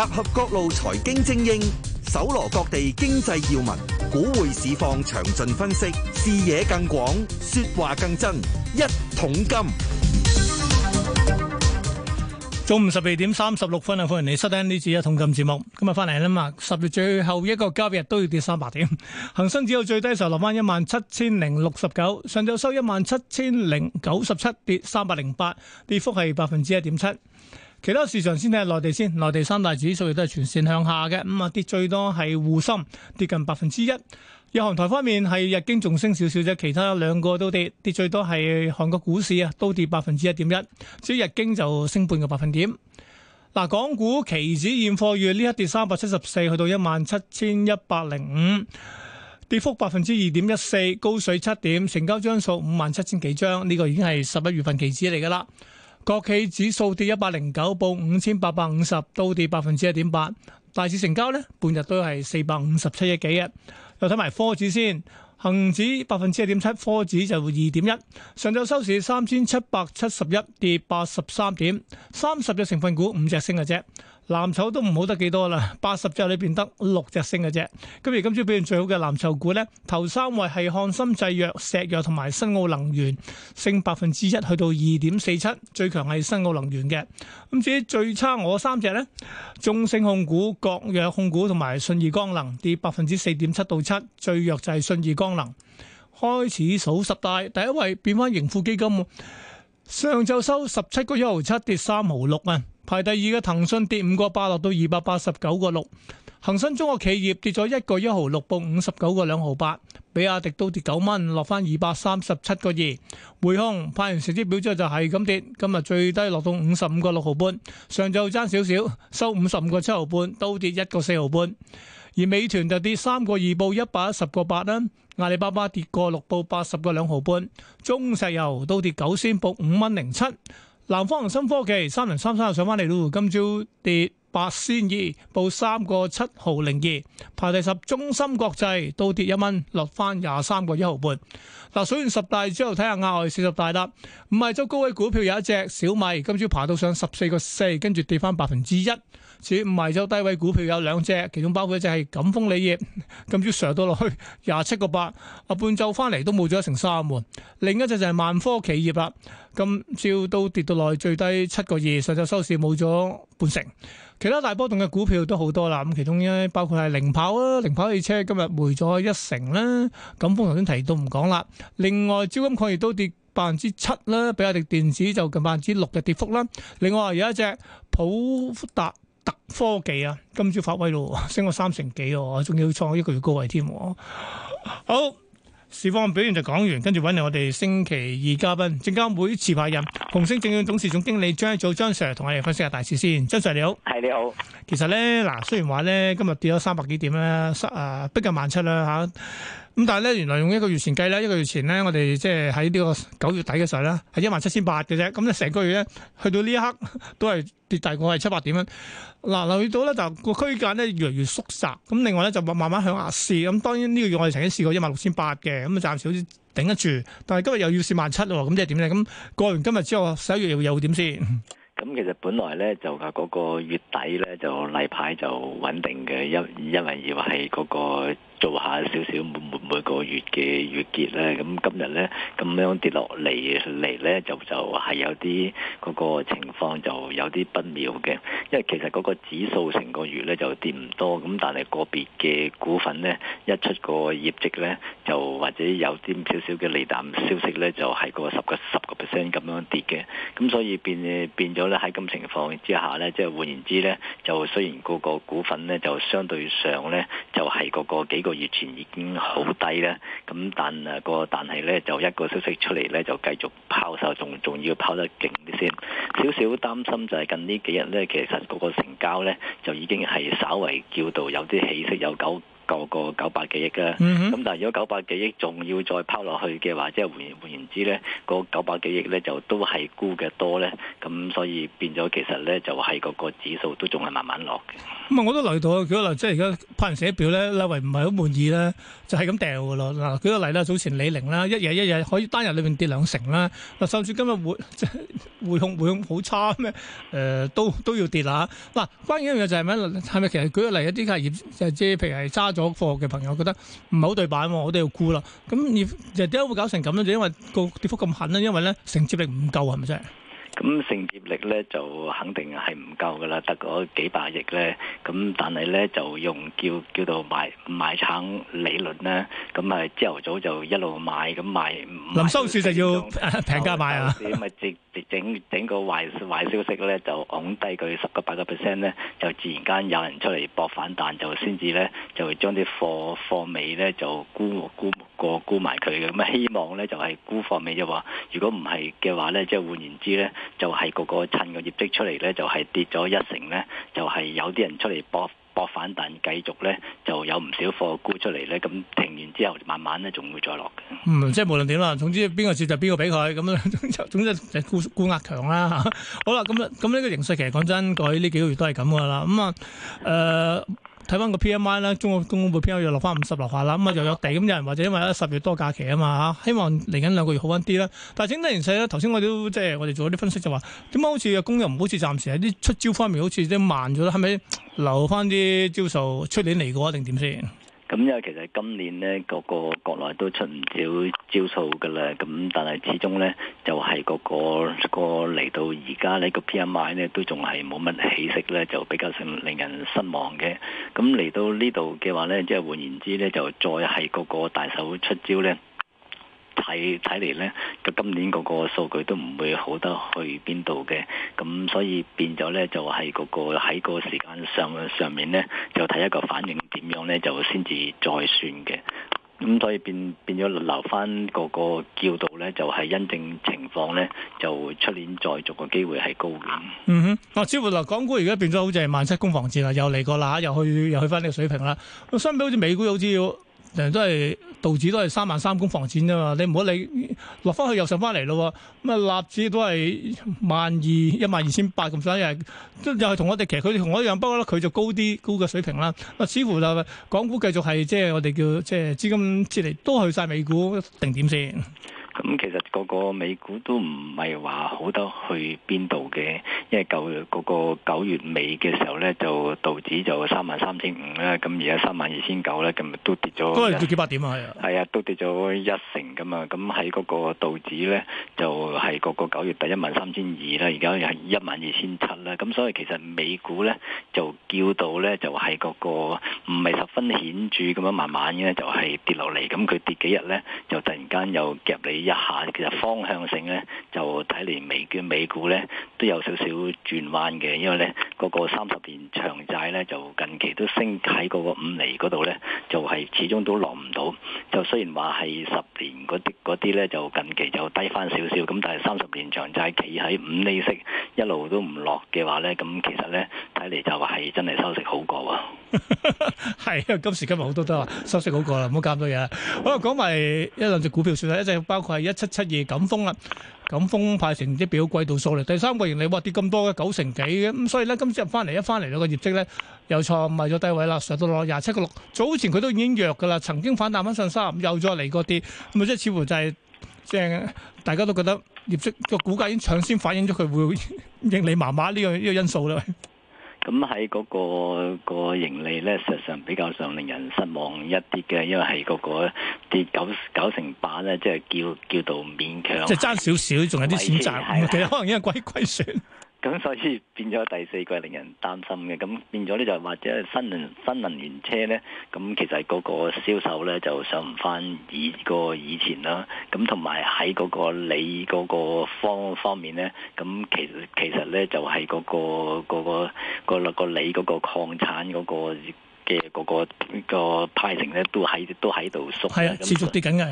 集合各路財經精英，搜羅各地經濟要聞，股匯市況詳盡分析，視野更廣，說話更真。一桶金，中午十二點三十六分啊！歡迎你收聽呢次一桶金節目。今日翻嚟啦嘛，十月最後一個交易日都要跌三百點，恒生指數最低時候落翻一萬七千零六十九，上晝收一萬七千零九十七，跌三百零八，跌幅係百分之一點七。其他市場先睇下內地先，內地三大指數亦都係全線向下嘅，咁啊、嗯、跌最多係滬深，跌近百分之一。日韓台方面係日經仲升少少啫，其他兩個都跌，跌最多係韓國股市啊，都跌百分之一點一。至於日經就升半個百分點。嗱，港股期指現貨月呢一跌三百七十四，去到一萬七千一百零五，跌幅百分之二點一四，高水七點，成交張數五萬七千幾張，呢、呢個已經係十一月份期指嚟噶啦。國企指數跌一百零九，報五千八百五十，都跌百分之一點八。大市成交咧，半日都係四百五十七億幾嘅。又睇埋科指先，恒指百分之一點七，科指就二點一。上晝收市三千七百七十一，跌八十三點，三十隻成分股五隻升嘅啫。藍籌都唔好得幾多啦，八十隻裏邊得六隻升嘅啫。今日今朝表現最好嘅藍籌股呢，頭三位係漢森製藥、石藥同埋新奧能源，升百分之一，去到二點四七。最強係新奧能源嘅。咁至於最差我三隻呢，中升控股、國藥控股同埋信義光能跌百分之四點七到七，最弱就係信義光能。開始數十大第一位變翻，盈富基金，上晝收十七個一毫七，跌三毫六啊。排第二嘅騰訊跌五個八，落到二百八十九個六。恆生中國企業跌咗一個一毫六，報五十九個兩毫八。比亞迪都跌九蚊，落翻二百三十七個二。匯控派完成績表之後就係咁跌，今日最低落到五十五個六毫半。上晝爭少少，收五十五個七毫半，都跌一個四毫半。而美團就跌三個二，報一百一十個八啦。阿里巴巴跌個六，報八十個兩毫半。中石油都跌九仙，報五蚊零七。南方恒生科技三零三三又上翻嚟咯，今朝跌八仙二，報三個七毫零二，排第十。中芯國際都跌一蚊，落翻廿三個一毫半。嗱，數完十大之後，睇下額外四十大啦。唔係咗高位股票有一隻小米，今朝爬到上十四個四，跟住跌翻百分之一。至於賣咗低位股票有兩隻，其中包括一隻係贛鋒鋰業，今朝上到落去廿七個八，啊半晝翻嚟都冇咗一成三門。另一隻就係萬科企業啦，今朝都跌到落去最低七個二，上晝收市冇咗半成。其他大波動嘅股票都好多啦，咁其中咧包括係零跑啦，零跑汽車今日回咗一成啦。贛鋒頭先提到唔講啦，另外招金礦業都跌百分之七啦，比亞迪電子就近百分之六嘅跌幅啦。另外有一隻普福達。科技啊，今朝發威咯，升咗三成幾，仲要創一個月高位添。好，市況表現就講完，跟住揾嚟我哋星期二嘉賓，證監會持牌人，紅星證券董事總經理張益祖張 Sir 同我哋分析下大市先。張 Sir 你好，係你好。 其實咧嗱，雖然話咧今日跌咗三百幾點啦，失啊逼近萬七啦嚇。啊咁但係咧，原來用一個月前計咧，一個月前咧，我哋即係喺呢個九月底嘅時候咧，係一萬七千八嘅啫。咁、嗯、咧，成個月咧，去到呢一刻都係跌大概係七八點蚊。嗱、啊，留意到咧就個區間咧越嚟越縮窄。咁、嗯、另外咧就慢慢向下試。咁、嗯、當然呢個月我哋曾經試過一萬六千八嘅，咁啊暫時好似頂得住。但係今日又要試萬七咯，咁、嗯、即係點咧？咁、嗯、過完今日之後，十一月又又點先？咁其實本來咧就係嗰個月底咧就例牌就穩定嘅，因因為要係嗰個做下少少每每每個月嘅月結咧，咁今日咧咁樣跌落嚟嚟咧就就係有啲嗰個情況就。有啲不妙嘅，因為其實嗰個指數成個月咧就跌唔多，咁但係個別嘅股份咧一出個業績咧，就或者有啲少少嘅利淡消息咧，就係嗰個十個十個 percent 咁樣跌嘅，咁所以變變咗咧，喺咁情況之下咧，即係換言之咧，就雖然嗰個股份咧就相對上咧就係嗰個幾個月前已經好低啦，咁但係個但係咧就一個消息出嚟咧就繼續跑時候仲仲要跑得勁啲先，少少擔心就係近呢幾日呢，其實嗰個成交呢，就已經係稍為叫到有啲起色，有九。夠個九百幾億啊，咁、嗯、但係如果九百幾億仲要再拋落去嘅話，即、就、係、是、換言換言之咧，個九百幾億咧就都係沽嘅多咧，咁所以變咗其實咧就係、是、個個指數都仲係慢慢落嘅。咁啊、嗯，我都留意到啊，舉個例，即係而家派人寫表咧，拉位唔係好滿意咧，就係咁掉㗎咯。嗱，舉個例啦、就是，早前李寧啦，一日一日可以單日裏邊跌兩成啦，甚至今日匯即係 匯控好差咩？誒、呃，都都要跌啦。嗱、啊，關鍵一樣嘢就係咩咧？係咪其實舉個例一啲鋰業即係譬如係揸。咗貨嘅朋友覺得唔係好對板喎，我哋要沽啦。咁你其實點解會搞成咁咧？就因為個跌幅咁狠咧，因為咧承接力唔夠係咪真係？是咁承接力咧就肯定係唔夠噶啦，得嗰幾百億咧。咁但係咧就用叫叫到賣賣橙理論咧，咁係朝頭早就一路賣，咁賣，賣林收市就要平價賣啊！咁咪直直整整，整個壞壞消息咧，就往低佢十個八個 percent 咧，就自然間有人出嚟博反彈，就先至咧就將啲貨貨尾咧就沽沽。沽個沽埋佢嘅咁啊，希望咧就係沽貨尾啫喎。如果唔係嘅話咧，即係換言之咧，就係個個趁個業績出嚟咧，就係跌咗一成咧，就係有啲人出嚟搏搏反彈，繼續咧就有唔少貨沽出嚟咧。咁停完之後，慢慢咧仲會再落嘅。嗯，即係無論點啦，總之邊個跌就邊個俾佢咁啦。總之就沽沽壓強啦嚇。好啦，咁咁呢個形勢其實講真，佢呢幾個月都係咁噶啦。咁、嗯、啊，誒、呃。睇翻個 PMI 啦，MI，中國公工會 PMI 又落翻五十樓下啦，咁啊又有地，咁有人或者因為咧十月多假期啊嘛嚇，希望嚟緊兩個月好翻啲啦。但係整體嚟睇咧，頭先我哋都即係我哋做咗啲分析就話，點解好似工人唔好似暫時喺啲出招方面好似都慢咗咧？係咪留翻啲招數出年嚟過定點先？咁因為其實今年呢，個個國內都出唔少招數嘅啦。咁但係始終呢，就係個個個嚟到而家呢個 PMI 呢，都仲係冇乜起色呢，就比較令人失望嘅。咁嚟到呢度嘅話呢，即係換言之呢，就再係個個大手出招呢。睇睇嚟咧，咁今年嗰個數據都唔會好得去邊度嘅，咁所以變咗咧就係、是、嗰個喺個時間上上面咧，就睇一個反應點樣咧，就先至再算嘅。咁所以變變咗留翻嗰個叫度咧，就係因應情況咧，就出年再續嘅機會係高嘅。嗯哼，啊，似乎嚟港股而家變咗好似係萬七攻防戰啦，又嚟過啦，又去又去翻呢個水平啦。相比好似美股好似要。成都係道指都係三萬三公房錢啫嘛，你唔好理落翻去又上翻嚟咯，咁啊納指都係萬二一萬二千八咁上下，又係又係同我哋其實佢哋同我一樣，不過咧佢就高啲高嘅水平啦。啊，似乎就是、港股繼續係即係我哋叫即係資金撤離都去晒美股定點先。咁、嗯、其實個個美股都唔係話好得去邊度嘅，因為九月個九月尾嘅時候咧，就道指就三萬三千五啦，咁而家三萬二千九咧，咁都跌咗對。啊、都跌幾百點啊？係啊，都跌咗一成噶嘛。咁喺嗰個道指咧，就係、是、個個九月第一萬三千二啦，而家又一萬二千七啦。咁所以其實美股咧就叫到咧就係、是、個個唔係十分顯著咁樣慢慢嘅就係跌落嚟。咁佢跌幾日咧，就突然間又夾你。一下其實方向性咧，就睇嚟美券美股咧都有少少轉彎嘅，因為咧嗰、那個三十年長債咧就近期都升喺嗰個五厘嗰度咧，就係、是、始終都落唔到。就雖然話係十年嗰啲嗰啲咧就近期就低翻少少咁，但係三十年長債企喺五厘息一路都唔落嘅話咧，咁其實咧睇嚟就係真係收息好過喎、哦。係啊， 今時今日好多都話收息好過啦，唔好加咁多嘢。好啦，講埋一兩隻股票算啦，一隻包括係一七七二贛鋒啦，贛鋒派成績表季度數嚟，第三個盈利哇跌咁多嘅九成幾嘅，咁所以咧今朝翻嚟一翻嚟，兩個業績咧又挫埋咗低位啦，上到落廿七個六。早前佢都已經弱噶啦，曾經反彈翻上三，又再嚟過跌，咁、嗯、啊即係似乎就係、是、即係大家都覺得業績個股價已經搶先反映咗佢會盈利麻麻呢個呢、這個因素啦。 咁喺嗰個盈利咧，實上比較上令人失望一啲嘅，因為係、嗰個個跌九九成八咧，即係叫叫做勉強，即係爭少少，仲的有啲選擇，其實可能因為鬼鬼算。咁所以變咗第四季令人擔心嘅，咁變咗呢，就係或者新能源新能源車呢，咁其實嗰個銷售呢，就上唔翻以個以前啦。咁同埋喺嗰個鋰嗰個方方面呢，咁其實其實呢就係嗰個、嗰個、嗰個落、嗰個鋰嗰個礦產嗰個。嘅個個派成咧，都喺都喺度縮，係啊的，嗯、持續跌緊嘅，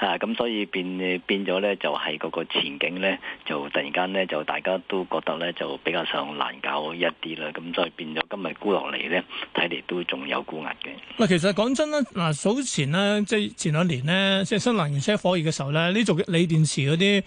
嚇咁所以變變咗咧，就係嗰個前景咧，就突然間咧，就大家都覺得咧，就比較上難搞一啲啦。咁所以變咗今日沽落嚟咧，睇嚟都仲有沽壓嘅。嗱，其實講真啦，嗱早前咧，即係前兩年咧，即係新能源車火熱嘅時候咧，呢種鋰電池嗰啲。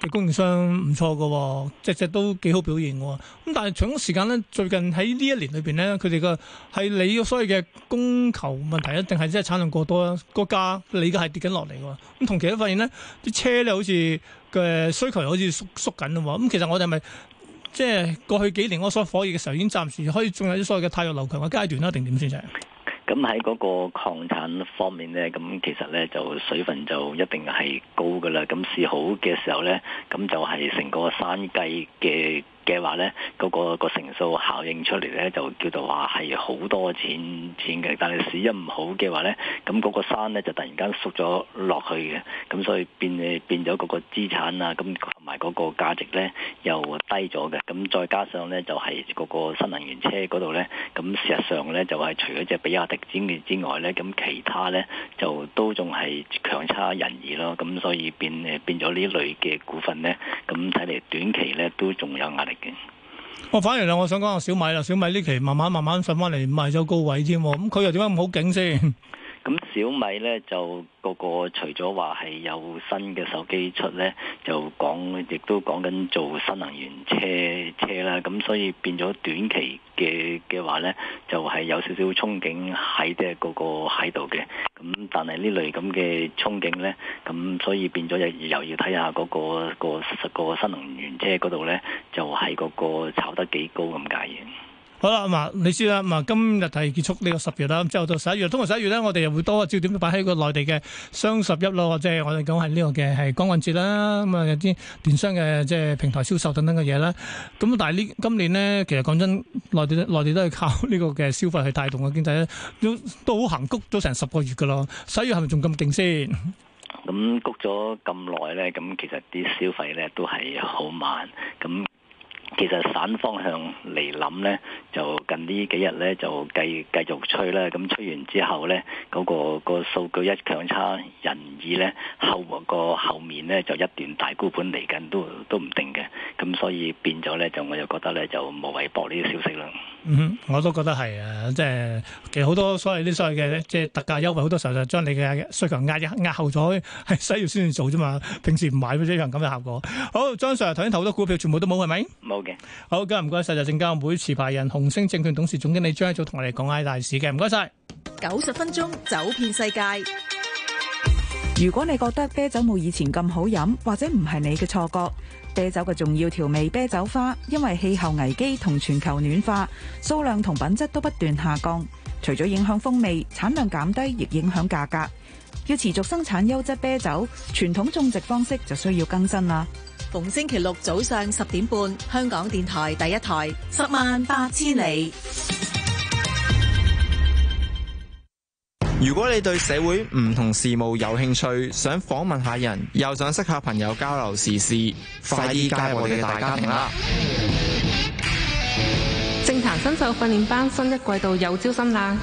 嘅供應商唔錯嘅、哦，隻隻都幾好表現嘅、哦。咁但係長時間咧，最近喺呢一年裏邊咧，佢哋個係你所謂嘅供求問題啊，定係即係產量過多咧？個價你而家係跌緊落嚟嘅。咁同其他發現咧，啲車咧好似嘅需求又好似縮縮緊啦。咁其實我哋係咪即係過去幾年嗰所火熱嘅時候，已經暫時可以仲有啲所謂嘅汰弱留強嘅階段啦，定點先正？咁喺嗰個礦產方面呢，咁其實呢就水分就一定係高㗎喇。咁市好嘅時候呢，咁就係成個山計嘅嘅話呢，嗰、嗰個、嗰個成數效應出嚟呢，就叫做話係好多錢錢嘅。但係市一唔好嘅話呢，咁、那、嗰個山呢就突然間縮咗落去嘅，咁所以變誒變咗嗰個資產啊，咁、那個。埋嗰個價值呢又低咗嘅，咁再加上呢，就係、是、嗰個新能源車嗰度呢。咁事實上呢，就係、是、除咗隻比亞迪之外呢，咁其他呢，就都仲係強差人意咯。咁所以變誒變咗呢類嘅股份呢，咁睇嚟短期呢，都仲有壓力嘅。我、哦、反而啦，我想講下小米啦，小米呢期慢慢慢慢上翻嚟，賣咗高位添，咁佢又點解咁好勁先？ 小米咧就個個除咗話係有新嘅手機出咧，就講亦都講緊做新能源車車啦。咁所以變咗短期嘅嘅話咧，就係、係、有少少憧憬喺即係個喺度嘅。咁但係呢類咁嘅憧憬咧，咁所以變咗又又要睇下嗰、嗰個、嗰個實,實個新能源車嗰度咧，就係、係、個個炒得幾高咁解嘅。好啦，咁啊，你知啦。咁啊，今日係結束呢個十月啦，咁之後到十一月，通常十一月咧，我哋又會多個，焦點擺喺個內地嘅雙十一咯，或者係我哋講係呢個嘅係光棍節啦。咁啊，有啲電商嘅即係平台銷售等等嘅嘢啦。咁但係呢，今年咧，其實講真，內地內地都係靠呢個嘅消費去帶動個經濟咧，都都好行谷咗成十個月噶咯。十一月係咪仲咁勁先？咁谷咗咁耐咧，咁其實啲消費咧都係好慢咁。其實反方向嚟諗咧，就近呢幾日咧就繼繼續吹啦，咁吹完之後咧，嗰個個數據一強差人意咧，後個後面咧就一段大沽盤嚟緊，都都唔定嘅，咁所以變咗咧就我就覺得咧就冇謂搏呢啲消息啦。嗯，我都覺得係啊，即係其實好多所謂啲所謂嘅即係特價優惠，好多時候就將你嘅需求壓一壓後咗，係需要先至做啫嘛，平時唔買嗰啲樣咁嘅效果。好，張 Sir 頭先投好多股票全部都冇係咪？冇。好，今日唔該晒就證監會持牌人、紅星證券董事總經理張益祖同我哋講下大市嘅，唔該晒。九十分鐘走遍世界。如果你覺得啤酒冇以前咁好飲，或者唔係你嘅錯覺，啤酒嘅重要調味啤酒花，因為氣候危機同全球暖化，數量同品質都不斷下降。除咗影響風味，產量減低亦影響價格。要持續生產優質啤酒，傳統種植方式就需要更新啦。逢星期六早上十點半，香港電台第一台十萬八千里。如果你對社會唔同事務有興趣，想訪問下人，又想識下朋友交流時事， 快啲加入我哋大家庭啦！政壇新秀訓練班新一季度又招新啦！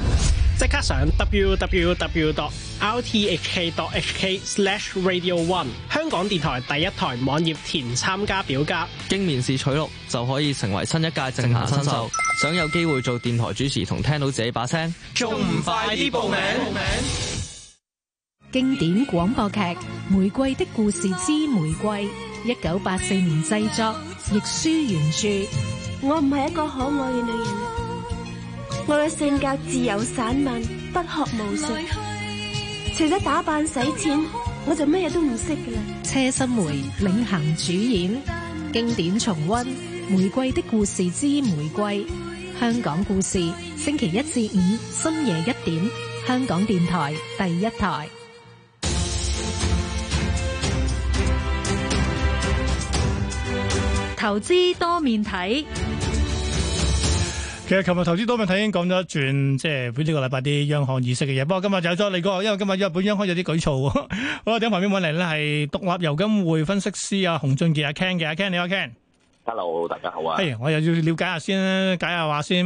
即刻上 www dot rthk dot hk slash radio one 香港電台第一台網頁填參加表格，經面試取錄就可以成為新一屆正行新秀。想有機會做電台主持同聽到自己把聲，仲唔快啲報名？報名！經典廣播劇《玫瑰的故事之玫瑰》，一九八四年製作，亦舒原著。我唔係一個可愛嘅女人。我嘅性格自由散漫，不學無術，去除咗打扮使錢，我就咩嘢都唔識噶啦。車心梅領銜主演，經典重溫《玫瑰的故事之玫瑰》，香港故事，星期一至五深夜一點，香港電台第一台。投資多面睇。其實琴日投資多問題已經講咗一轉，即係本呢個禮拜啲央行議息嘅嘢。不過今日就有再嚟個，因為今日日本央行有啲舉措喎。 我喺旁邊揾嚟咧係獨立油金匯分析師啊，洪俊傑阿、啊、Ken 嘅、啊，Ken 你好 Ken。Hello，大家好啊。我又要了解下先，解下話先。